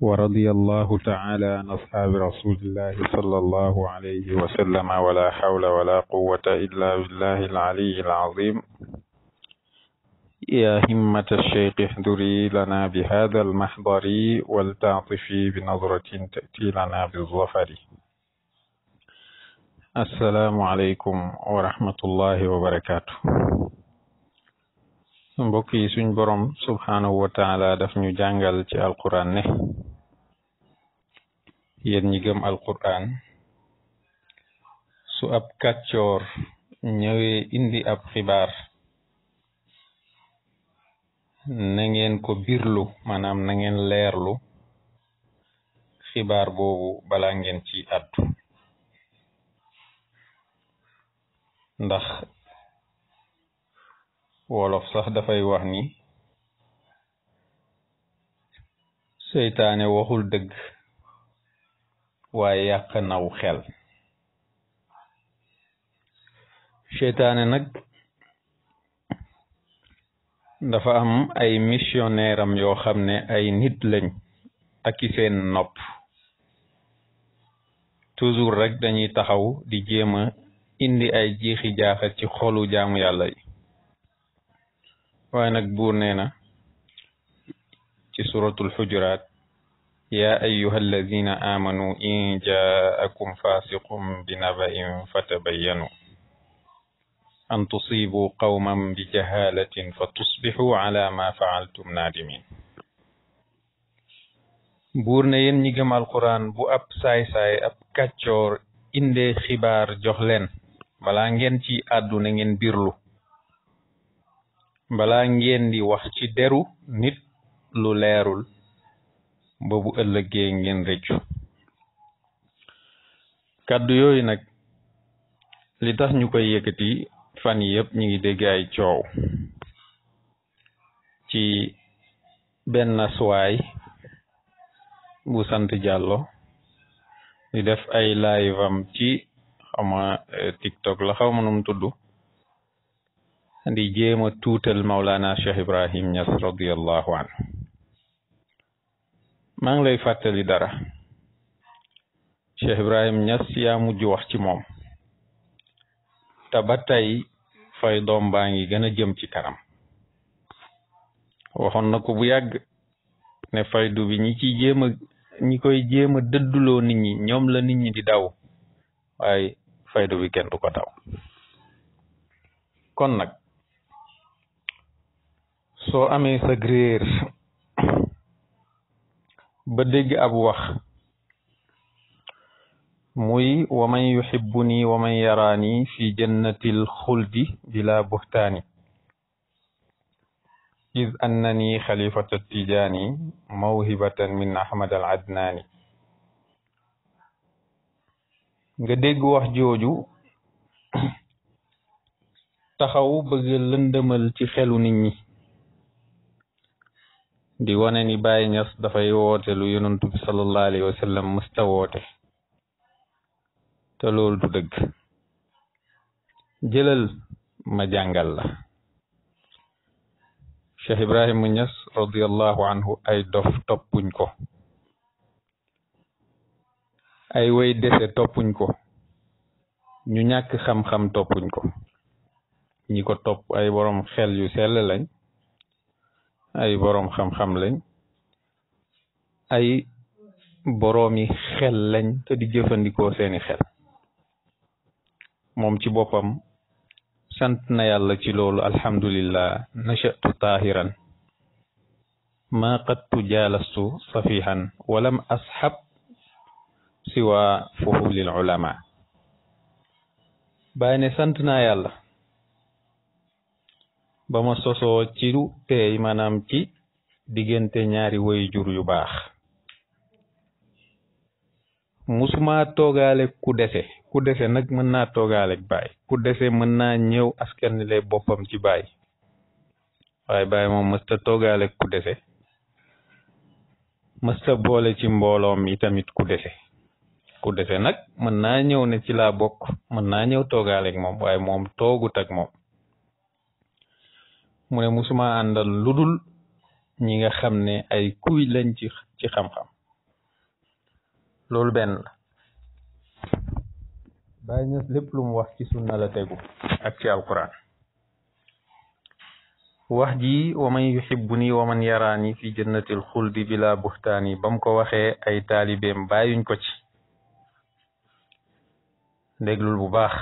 ورضي الله تعالى عن أصحاب رسول الله صلى الله عليه وسلم ولا حول ولا قوة إلا بالله العلي العظيم يا همة الشيخ احضري لنا بهذا المحضر ولتعطفي بنظرة تأتي لنا بالظفر السلام عليكم ورحمة الله وبركاته mbokk سنبرم سبحانه وتعالى دفن جانجل القرآن daf yéen ñi gëm alquran su ab kàccoor ñëwee indi ab xibaar na ngeen ko birlu maanaam na ngeen leerlu xibaar boobu bala ngeen ci addu ndax wolof sax dafay wax ni seytaane waxul dëgg waaye yàq naw xel seytaane nag dafa am ay missionnaire am yoo xam ne ay nit lañ ak i nopp toujours rek dañuy taxaw di jéem a indi ay jiixi jaaxa ci xolu jaamu yàlla yi nag buur nee na ci suratul xujuraat يا أيها الذين آمنوا إن جاءكم فاسق بنبأ فتبينوا أن تصيبوا قوما بجهالة فتصبحوا على ما فعلتم buur ne yéen ñi alquran bu ab saay-saay ab kàccoor inde xibaar jox leen balaa ngeen ci àddu na ngeen birlu bala ngeen di wax ci deru nit lu leerul ba bu ëllëgee ngeen rëccu kàddu yooyu nag li tax ñu koy yëkkati fan yi yëpp ñu ngi dégg coow ci benn suwaay bu sant Jàllo di def ay live am ci xawma eh, TikTok la xaw ma num tudd di jéem a tuutal Maulana Cheikh Ibrahim Niass radiyallahu anhu maa ngi lay fàttali dara Cheikh Ibrahim Niass yaa mujj wax ci moom te ba tey fay doom baa ngi gën jëm ci karam waxoon na ko bu yàgg ne faydu bi ñi ciy jéem ñi koy jéem a dëdduloo nit ñi ñoom la nit ñi di daw waaye faydu bi kenn du ko daw kon nag soo amee sa ba dégg ab wax muy wa man yuhibbuni wa man yaraani fi jannatil xuldi bila buhtaani iz annani xalifatu tijaani mawhibatan min ahmad al adnaani nga dégg wax jooju taxaw bëgg lëndëmal ci xelu nit ñi di wane ni Baye Niass dafay woote lu yonent bi sallallahu alayhi wa musta woote te loolu du dëgg jëlal ma jàngal la Cheikh Ibrahima Niass radiyallahu anhu ay dof toppuñ ko ay way dese toppuñ ko ñu ñàkk xam-xam toppuñ ko ñi ko topp ay borom xel yu sell lañ أي بروم خم خم لين أي برومي خل لين تدي جفن دي كوسيني خل مومتي بوبام سنت نيالا تلول الحمد لله نشأت طاهرا ما قد تجالست صفيها ولم أصحب سوى فهول العلماء باين سنتنا يالله ba ma sosoo ci lu teey maanaam ci diggante ñaari woy jur yu baax musuma toogaale ku dese ku dese nag mën naa toogaale baay ku dese mën naa ñëw askan le boppam ci baay waaye baay moom mësta toogaale ku dese mësta boole ci mbooloom yi tamit ku dese ku dese nag mën naa ñëw ne ci laa bokk mën naa ñëw toogaale ak moom waaye moom toogut ak mom mu ne musuma àndal ludul ñi nga xam ne ay kuy lañ ci ci xam-xam loolu benn la bàyyi ñas lépp lu mu wax ci sunna la tegu ak ci alquran wax ji wa man yuhibbu nii wa man yaraani fi jannatil xuldi bila buxtaani ba mu ko waxee ay taalibeem bàyyuñ ko ci déglul bu baax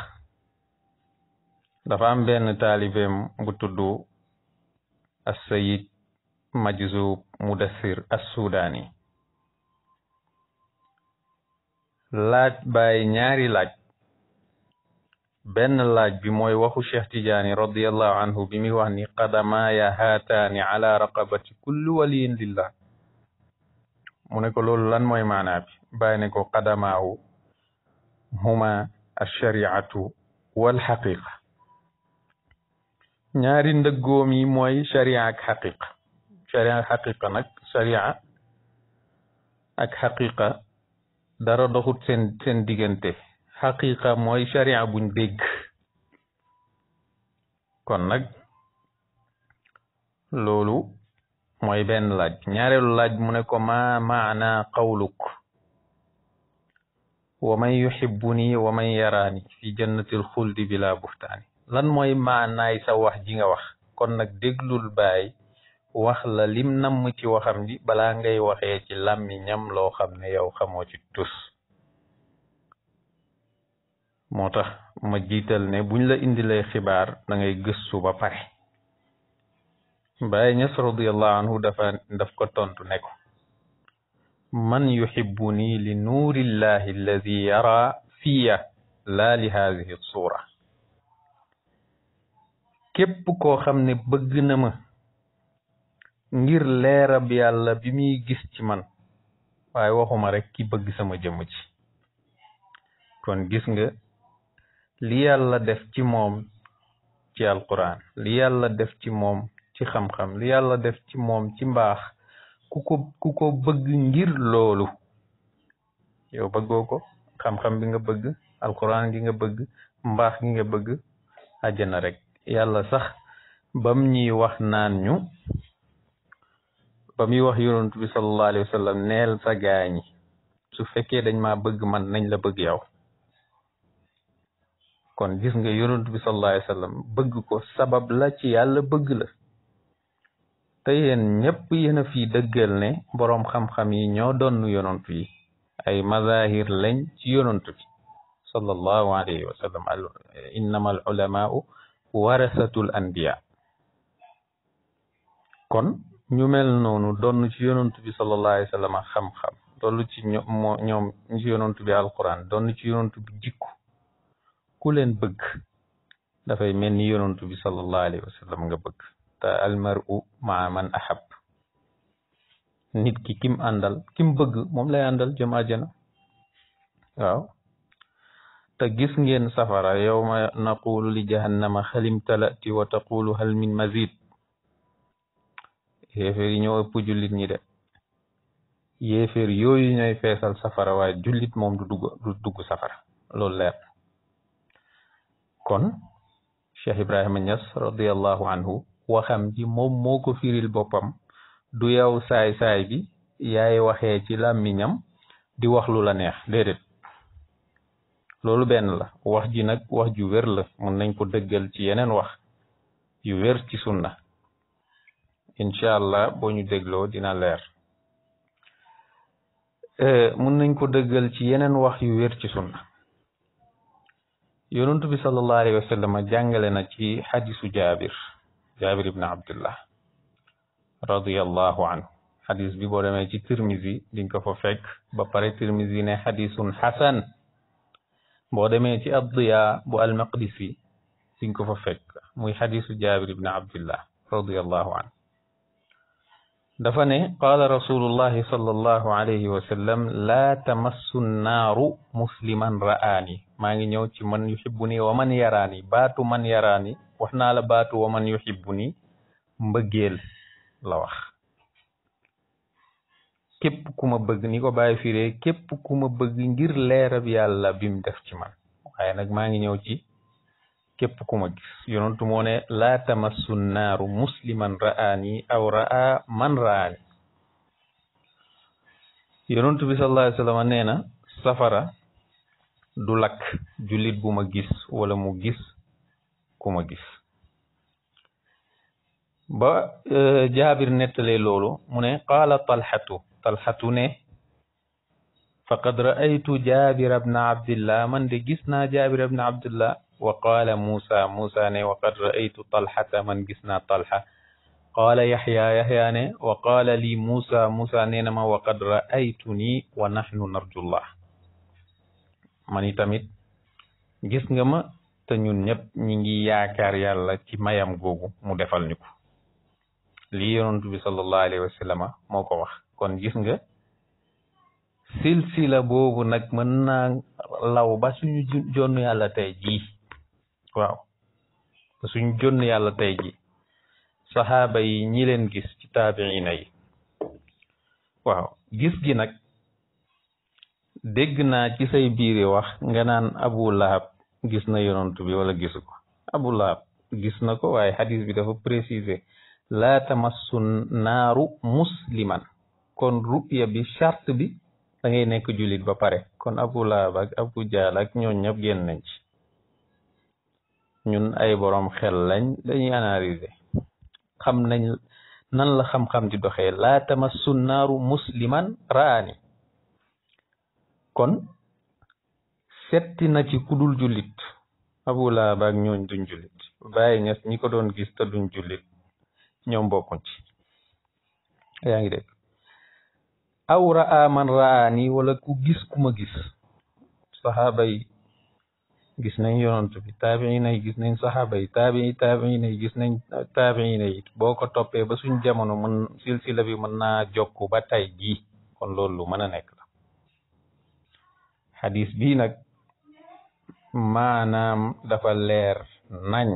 dafa am benn taalibeem bu tudd السيد مجزوب مدثر السوداني لاج باي نياري لاج بن لاج بموي وخو شيخ تجاني رضي الله عنه بميواني واني قدما يا هاتان على رقبة كل ولي لله مونيكو لول لان موي معنا بي باي نيكو قدماه هما الشريعة والحقيقة ñaari ndëggoom yi mooy sharia ak xaqiqa sharia ak xaqiqa nag sharia ak dara doxut seen seen diggante xaqiqa mooy sharia buñ dégg kon nag loolu mooy benn laaj ñaareelu laaj mu ne ko ma maana qawluk wa man yuhibbuni wa man yaraani fi jannatil xuldi bila buxtaani lan mooy maanaay sa wax ji nga wax kon nag déglul baay wax la lim namm ci waxam ji balaa ngay waxe ci làmmiñam loo xam ne yow xamoo ci tus moo tax ma jiital ne buñ la indilee xibaar da ngay gëstu ba pare Baay Ñas radiallahu dafa daf ko tontu ne ko man yuhibbuni li nuurillahi alladi yara fiya laa li haadihi suura képp koo xam ne bëgg na ma ngir leerab yàlla bi muy gis ci man waaye waxuma rek ki bëgg sama jëmm ci kon gis nga li yàlla def ci moom ci alquran li yàlla def ci moom ci xam-xam li yàlla def ci moom ci mbaax ku ko bëgg ngir loolu yow bëggo ko xam-xam bi nga bëgg alquran gi nga bëgg mbaax gi nga bëgg àjjana rek yàlla sax bam ñuy wax naan ñu ba muy wax yonent bi sallallahu neel sa gaañi su fekkee dañ ma bëgg man nañ la bëgg yow kon gis nga yonent bi bëgg ko sabab la ci yàlla bëgg la te yéen ñëpp yéen fi dëggal ne boroom xam-xam yi ñoo doon yonent yi ay mazahir lañ ci yonent bi sallallahu alayhi wa sallam innamal warasatul anbiya kon ñu mel noonu donn ci yonantu bi sallallahu alayhi wa sallam xam-xam doll ci ñoom ñoom ci yonantu bi alquran donn ci yonantu bi jikku ku leen bëgg dafay mel ni yonantu bi sallallahu alayhi wa nga bëgg te almaru maa man ahab nit ki kim àndal kim bëgg moom lay àndal jëm àjjana waaw te gis ngeen safara ma naqulu li jahannama xalim talati wa taqulu hal min mazid yéeféer yi ñoo ëpp jullit ñi de yéeféer yooyu ñooy feesal safara waaye jullit moom du dugg du dugg safara loolu leer kon Cheikh Ibrahima Niass radiallahu anhu waxam ji moom moo firil boppam du yow saay-saay bi yaay waxee ci làmmiñam di wax la neex loolu benn la wax ji nag wax ju wér la mën nañ ko dëggal ci yeneen wax yu wér ci sunna incha allah boo ñu dégloo dina leer euh, mën nañ ko dëggal ci yeneen wax yu wér ci sunna yonentu bi sallallahu alayhi wa sallam jàngale na ci xadisu jaabir jaabir ibn abdullah radiyallahu anhu xadis bi boo demee ci tirmisi dinga ko fa fekk ba pare tirmisi ne xadisun xasan boo demee ci addiya bu almaqdisi di nga ko fa fekk muy xadisu jaabir ibn abdillah radiallahu an dafa ne qaala rasulullahi sallallahu alayhi wa sallam laa tamassu naaru musliman ra'aani maa ngi ñëw ci man yuhibbuni wa man yaraani baatu man yaraani wax naa la baatu wa man yuhibbuni mbëggeel la wax képp ku ma bëgg ni ko bàyyi firee képp ku ma bëgg ngir leerab yàlla bim def ci man waaye nag maa ngi ñëw ci képp ku ma gis yonentu moo ne laa tamassu naaru musliman ra'aani aw ra'a man ra'aani yonentu bi sallallahu alayhi wa nee na safara du lakk jullit bu ma gis wala mu gis ku ma gis ba euh, jaabir nettalee loolu mu ne qaala talxatu طلحة نه فقد رأيت جابر بن عبد الله من دي جسنا جابر بن عبد الله وقال موسى موسى نه وقد رأيت طلحة من جسنا طلحة قال يحيى يحيى نه وقال لي موسى موسى نه نما وقد رأيتني ونحن نرجو الله من يتمت جسنا ما تنين نب نيجي يا كاريال تيمايام غوغو مدفال نكو lii yonent bi sallallahu alayhi wa sallama moo ko wax kon gis nga silsila boobu nag mën naa law ba suñu jonn yàlla tey jii waaw ba suñu jonn yàlla tey jii saxaaba yi ñi leen gis ci taabiina yi waaw gis gi nag dégg naa ci say biiri wax nga naan abu lahab gis na yonent bi wala gisu abu lahab gis na ko waaye xadis bi dafa préciser laa tamassu naaru musliman kon ru'ya bi charte bi da nekk julit ba pare kon abu laab ak abu jaal ak ñoo ñëpp ñun ay borom xel lañ dañuy analyser xam nañ nan la xam-xam di doxee laa tamassu naaru musliman raani kon setti na ci kudul julit abu laab ak ñooñ duñ jullit bàyyi ñes ñi ko doon gis te duñ jullit ñoom bokkuñ ci yaa ngi aw raa man raa nii wala ku gis ku ma gis saxaaba gis nañ yonantu bi taabiin nay gis nañ saxaaba yi taabii nay gis nañ taabiin nay boo ko toppee ba suñ jamono mën silsila bi mën naa jokku ba tey jii kon loolu lu mën a nekk la xadis bii nag maanaam dafa leer nañ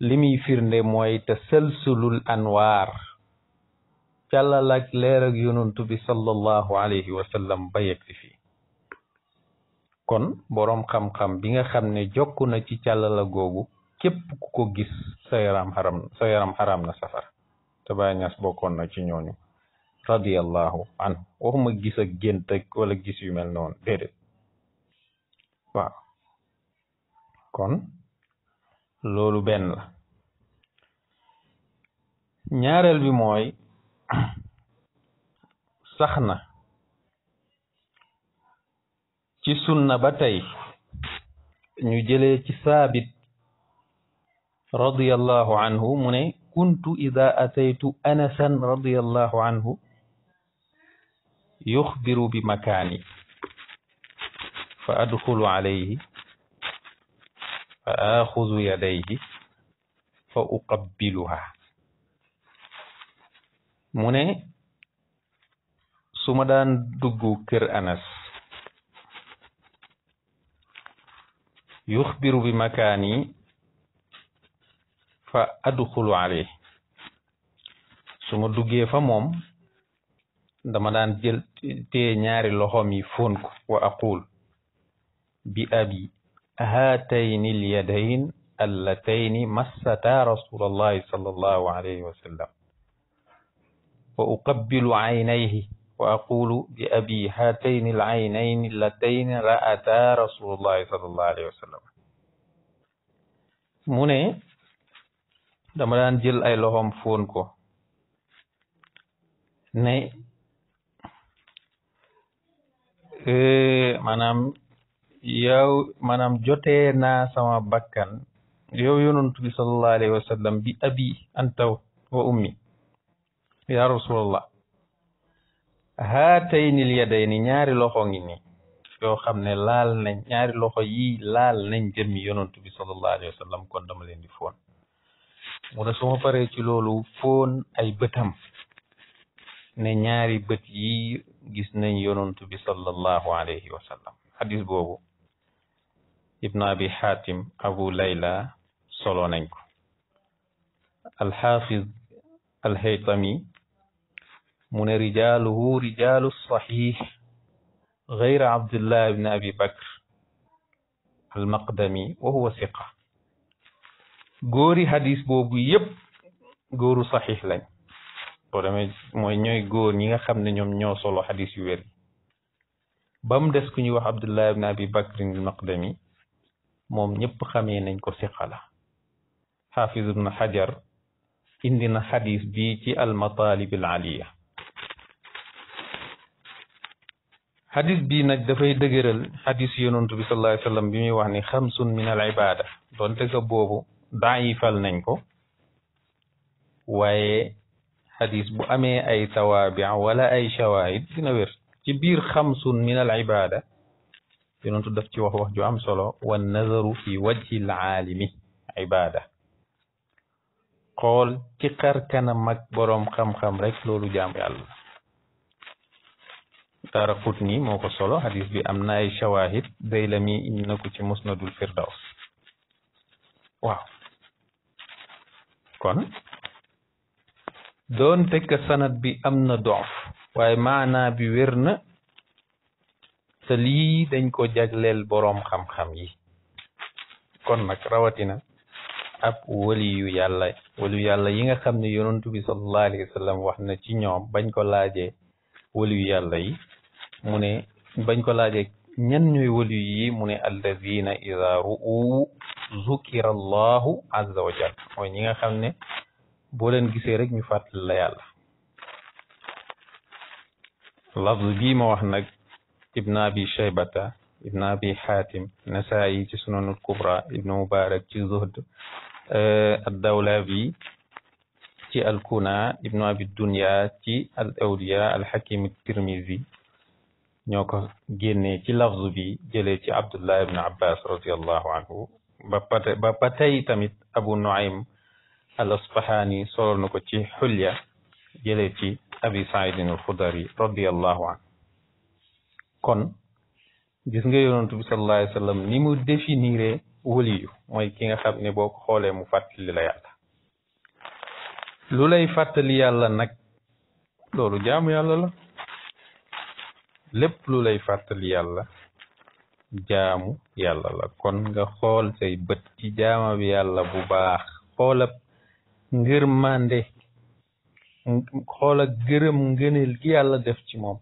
li muy firnde mooy te salsulul anwaar càllal ak leer ak yonantu wa sallam ba yegg si kon boroom xam-xam bi nga xam ne jokk na ci càllala googu képp ku ko gis sa xaram na safar te Baay Ñas bokkoon na ci ñooñu radiyallahu anhu waxuma gis ak gént ak wala gis yu mel noonu déedéet kon loolu benn la ñaareel bi mooy sax na ci sunna ba tey ñu jëlee ci saabit radiyallahu anhu mu ne kuntu ida ataytu anasan radiyallahu anhu yuxbiru bi makaani fa adxulu alayhi fa axudu yadayhi fa uqabbiluha mu ne su ma daan dugg kër anas yuxbiru bi makaani fa adxulu alayhi su ma duggee fa moom dama daan jël ñaari loxoom yi fóon ko wa aqul bi abi هاتين اليدين اللتين مستا رسول الله صلى الله عليه وسلم وأقبل عينيه وأقول بأبي هاتين العينين اللتين رأتا رسول الله صلى الله عليه وسلم mu دمران جل أي لهم فونكو ني إيه ko eh, yow maanaam jote naa sama bakkan yow yonantu bi sallallahu alayhi wa sallam bi abi anta wa ummi ya rasulallah haatayni lyadayni ñaari loxo ngi xam ne laal nañ ñaari loxo yi laal nañ jëmmi yonantu bi sallallahu alayhi wa kon dama leen di foon mu ne su ma paree ci loolu foon ay bëtam ne ñaari bët yi gis nañ yonantu bi sallallahu alayhi wa hadis boobu ابن أبي حاتم أبو ليلى سولونينكو الحافظ الهيثمي من رجاله رجال الصحيح غير عبد الله بن أبي بكر المقدمي وهو ثقة góori hadis boobu yépp góoru saxiix lañ boo demee mooy ñooy góor ñi nga xam ne ñoom ñoo solo hadis yu wér bam des ku ñuy wax Abdullah ibn Abi Bakrin al Maqdami moom ñëpp xamee nañ ko siqala xaafiz ibnu xajar indi na xadis bi ci almatalib al aliya hadith bi nag dafay dëgëral xadis yonantu bi sallallahu alayhi wasallam bi muy wax ni xamsun min al ibada donte ka boobu daayifal nañ ko waaye xadis bu amee ay tawaabi wala ay shawahid dina wér ci biir xamsun min al ibada يونت داف سي واخ واخ جو ام سولو والنظر في وجه العالم عباده قول كي خر كان ماك بروم خم خم ريك لولو جام يالا دار قوتني موكو سولو حديث بي امنا اي شواهد ديلمي انكو تي مسند الفردوس واو كون دون تك سند بي امنا ضعف واي معنى بي ورنا te lii dañ ko jagleel boroom xam-xam yi kon nag rawatina ab waliyu yàlla waliyu yàlla yi nga xam ne yonantu bi sallallahu alayhi wax na ci ñoom bañ ko laaje waliyu yàlla yi mu ne bañ ko laaje ñan ñooy waliyu yi mu ne alladina ida ru'u zukira allahu azza wa jal mooy ñi nga xam ne boo leen gisee rek ñu fàttali la yàlla lafz bii ma wax nag ابن أبي شيبة ابن أبي حاتم النسائي في سنن الكبرى ابن مبارك في زهد الدولابي في الكنى ابن أبي الدنيا في الأولياء الحكيم الترمذي ñoo ko génnee ci lafz bi jëlee ci abdullah ibn abbas radiallahu anhu ba pate ba patey tamit abu nuaym al asfahani solol na ko ci xulya jëlee ci abi saidin al xudari radiallahu anhu kon gis nga yonantu bi sallallahu alayhi ni mu définiré waliyu mooy ki nga xam ne boo xoolee mu fàttali la yàlla lu lay fàttali yàlla nag loolu jaamu yàlla la lépp lu lay fàttali yàlla jaamu yàlla la kon nga xool say bët ci jaama bi yàlla bu baax xoola ngërmande xool ak gërëm ngëneel gi yàlla def ci moom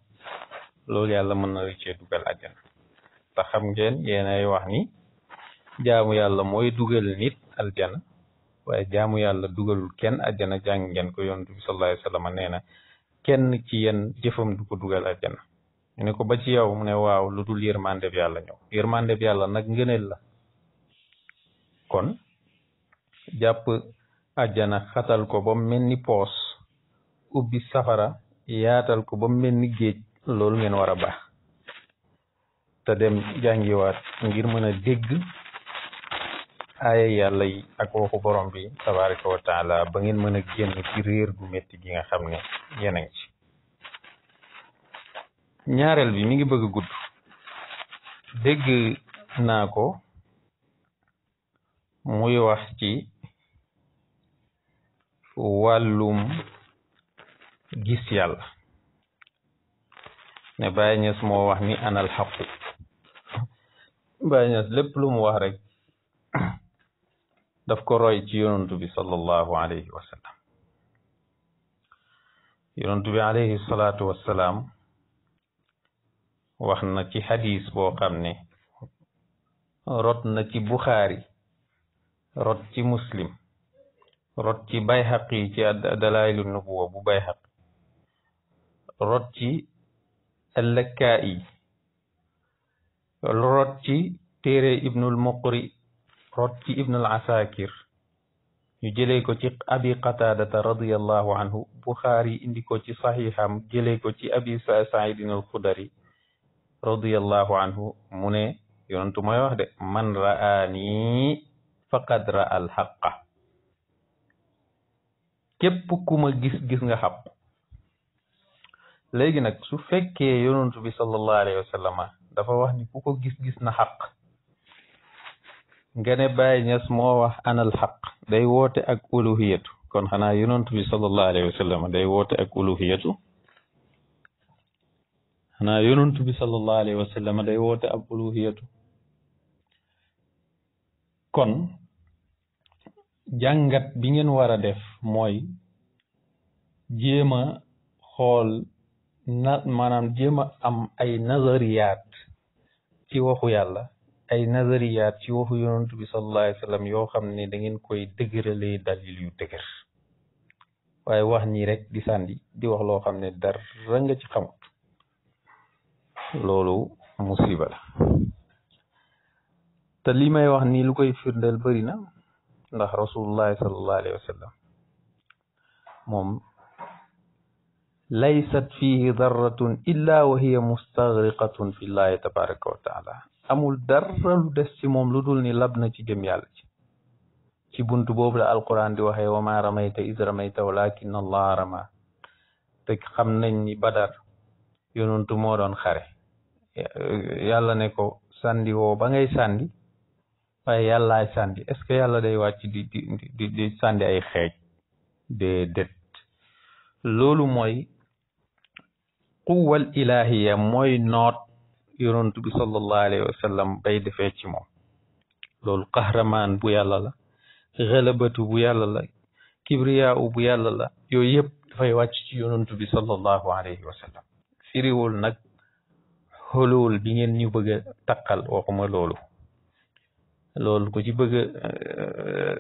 loolu yalla mën na cee dugal àjjana ta xam ngeen yéenay wax ni jaamu yalla moy dugal nit aljana waye jaamu yalla duggalul kenn aljana jang ngeen ko yoonu bi sallallahu alayhi wasallam neena na kenn ci yeen jëfëm du ko duggal àjjana ñu ko ba ci yow mu ne waaw lu dul yermande bi yalla ñëw yermande bi yalla nak ngeenel la kon japp aljana xatal ko ba melni pos ubi safara yaatal ko ba melni geej loolu ngeen war a baax te dem jàngiwaat ngir mën a dégg aaya yàlla yi ak waxu borom bi tabaraka taala ba ngeen mën a génn ci réer gu métti gi nga xam ne yéen ci ñaareel bi mi ngi bëgg a gudd dégg naa ko muy wax ci wàllum gis yàlla ne Baye mo wax ni anal xaqu Baye Niass lépp lu mu wax rek daf ko roy ci yonantu bi sallallahu alayhi wa sallam yonantu bi alayhi salatu wa salam waxna ci hadith bo xamne rot na ci bukhari rot ci Muslim rot ci Bayhaqi ci dalailun nubuwwa bu Bayhaqi rot ci allakka'i loolu rot ci téere ibnul muqri rot ci ibnul asakir ñu jëlee ko ci abi qataadata radiallahu anhu buxaari indi ko ci saxiixam jëlee ko ci abi saidin alxudari radiallahu anhu mu ne yonentu mooy wax de man ra'aani faqad ra'a alxaqa képp ku ma gis gis nga xaq léegi nag su fekkee yonantu bi sallallahu alayhi wa dafa wax ni ku ko gis-gis na xaq nga ne Baye Niass moo wax anal xaq day woote ak uluhiyatu kon xanaa yonantu bi sallallahu alayhi wa day woote ak uluhiyatu xanaa yonantu bi sallallahu day woote ak uluhiyatu kon jàngat bi ngeen war a def mooy jéema xool na maanaam jéem a am ay nazariyaat ci waxu yàlla ay nazariyaat ci waxu yonent bi sallallahu yoo xam ne da ngeen koy dëgëralee dalil yu dëgër waaye wax nii rek di sàndi di wax loo xam ne dara nga ci xamut loolu musiba la te li may wax nii lu koy firndeel bëri na ndax rasulullahi sallallahu wa sallam moom laysat fihi darratun illa wa hiya mustaghriqatun fillahi tabaraka wa taala amul dara des ci moom lu dul ni lab na ci jëm yàlla ci ci buntu boobu la alquran di waxee wa ma ramayta is ramayta walakin allah rama te xam nañ ni badar yonuntu moo doon xare yàlla ne ko sandi woo ba ngay sandi waaye yàllaay sandi est ce que yàlla day wàcc di di di sandi ay xeej de det loolu mooy quwwal ilahiya mooy noor yonent bi sallallahu alayhi wa sallam bay moom loolu qahramaan bu yàlla la xalabatu bu yàlla la bu yàlla la yooyu yëpp dafay wàcc ci yonent bi sallallahu alayhi nag xolool bi ngeen ñu bëgg a taqal waxuma loolu loolu ku ci bëgg a euh,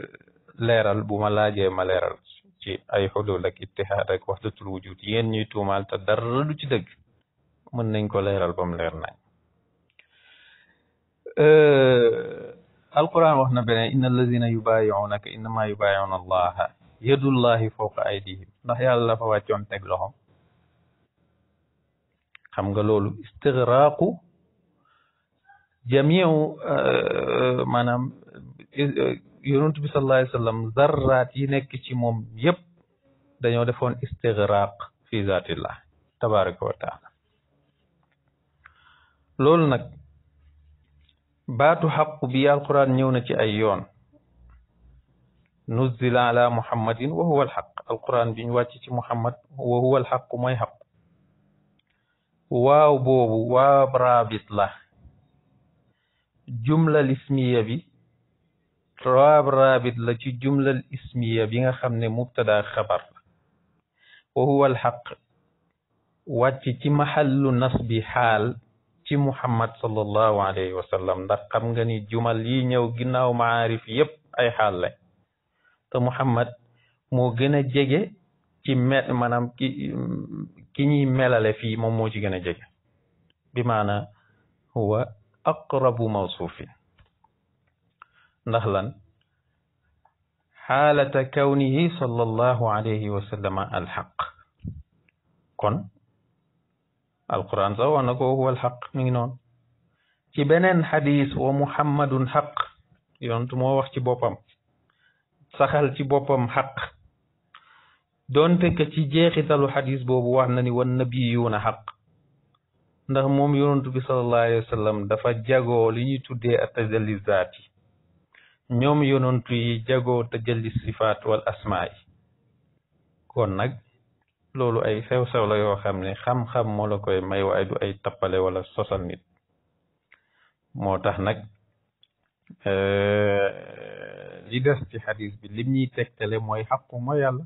leeral bu ma laajee ma leeral ci ay xulul ak ittihaad ak waxdatul wujud yéen ñuy tuumaal te dara du ci dëgg mën nañ ko leeral ba mu leer nañ alquran wax na beneen inna allazina yubaayi'unaka innama yubaayi'una allaha yadullahi fawqa aydihim ndax yàlla dafa wàccoon teg loxom xam nga loolu istigraaqu jamiu maanaam yonent bi sallallahu alayhi wa sallam zarraat yi nekk ci moom yëpp dañoo defoon istigraq fi zaatillah tabaraka wa taala loolu nag baatu xaqu bi alquran ñëw na ci ay yoon nuzila ala muhammadin wa huwa alxaq alquran bi ñu wàcc ci muhammad wa huwa alxaq mooy xaq waaw boobu waab raabit la jumla lismiya bi تراب رابط لا شي جملة الإسمية بيغا خمني مبتدا خبر وهو الحق واتي تي محل نصب حال تي محمد صلى الله عليه وسلم دا خمغني جمل يي نيو معارف يب اي حال لك تو محمد مو جنا جيجي تي مات مانام كي كي ني ملالي في مو مو جيجي بمعنى هو اقرب موصوفين نهلا حالة كونه صلى الله عليه وسلم الحق كن القرآن زوى هو الحق منون تبنن حديث ومحمد حق يونتم وقت بوبم سخل تبوبم حق دون تك تجيخي تلو حديث بوب وحنني والنبيون حق ndax mom yoonu bi sallallahu alayhi wasallam dafa jago li ñuy tuddé atajalizati ñoom yonontu yi jagoo tëggali sifaat wal asmaa kon nag loolu ay sew-sew la yoo xam ne xam-xam moo la koy may ay tappale wala sosal nit moo tax nag eh, li des ci xadis bi lim ñuy tegtale mooy xaqu mooy yàlla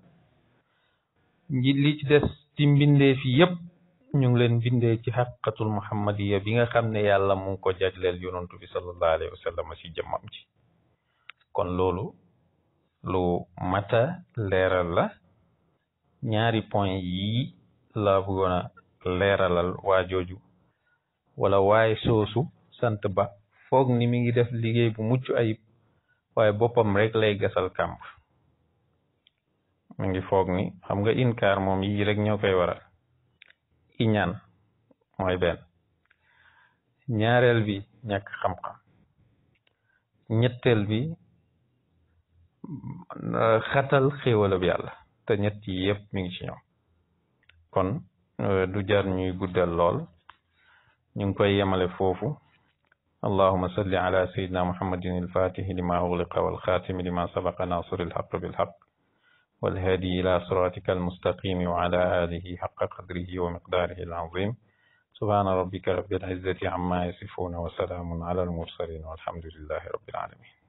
ngi li ci des ci mbindee fi yëpp ñu ngi leen bindee ci xaqatul muhammadiya bi nga xam ne yàlla mu ngi ko jagleel yonontu bi sallallahu alayhi wa sallam si jëmmam ci kon loolu lu mata leeral la ñaari point yi laa bëggoon a leeralal waa jooju wala waaye soosu sant ba foog ni mi ngi def liggéey bu mucc ayib waaye boppam rek lay gasal kàmb mi ngi foog ni xam nga inkaar moom yi rek ñoo koy waral iñaan mooy benn ñaareel bi ñàkk xam-xam ñetteel bi xatal xéewalab yàlla te ñett yi yépp mi ngi ci ñoom kon euh, du jar ñuy guddal lool ñu ngi koy yemale foofu اللهم صل على سيدنا محمد الفاتح لما أغلق والخاتم لما سبق ناصر الحق بالحق والهادي إلى صراطك المستقيم وعلى آله حق قدره ومقداره العظيم سبحان ربك رب العزة عما يصفون وسلام على المرسلين والحمد لله رب العالمين